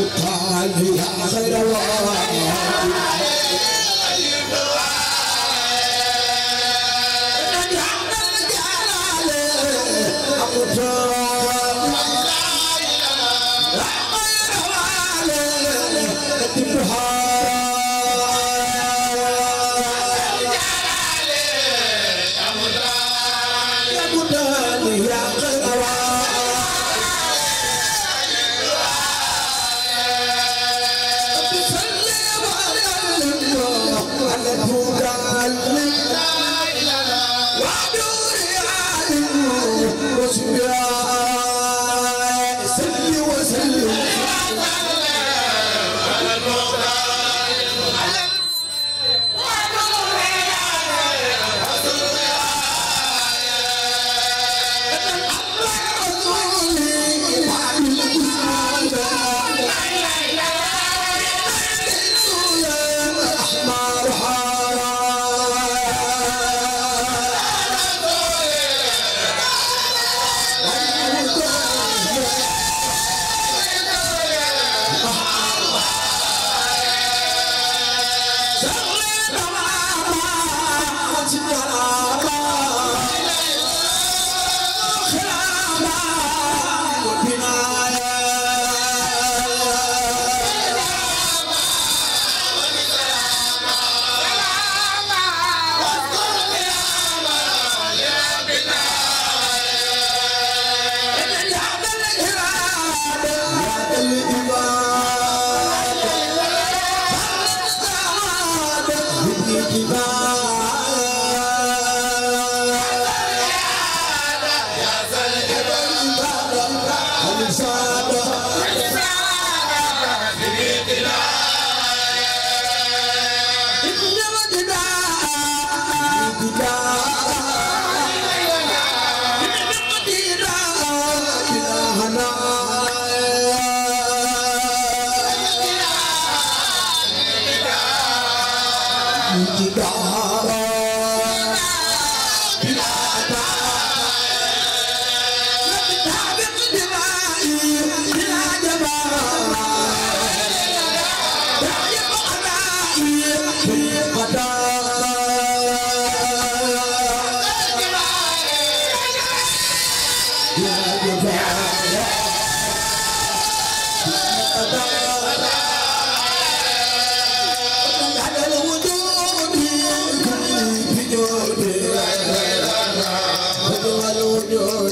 القلب يا خير واحد Happy birthday. Yeah.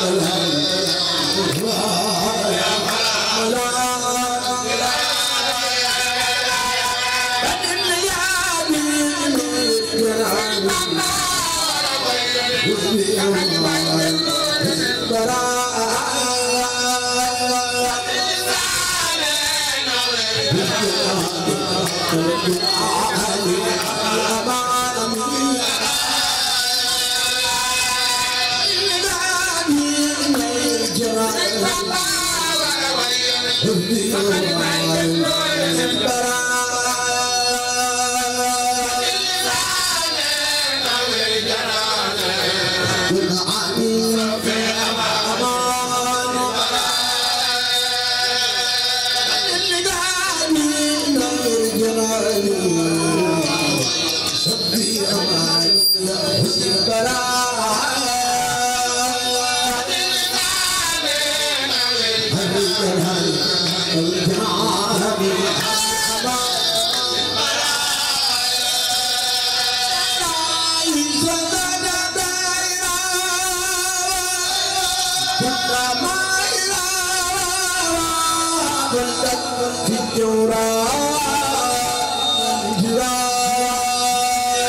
Yeah. Thank you. jura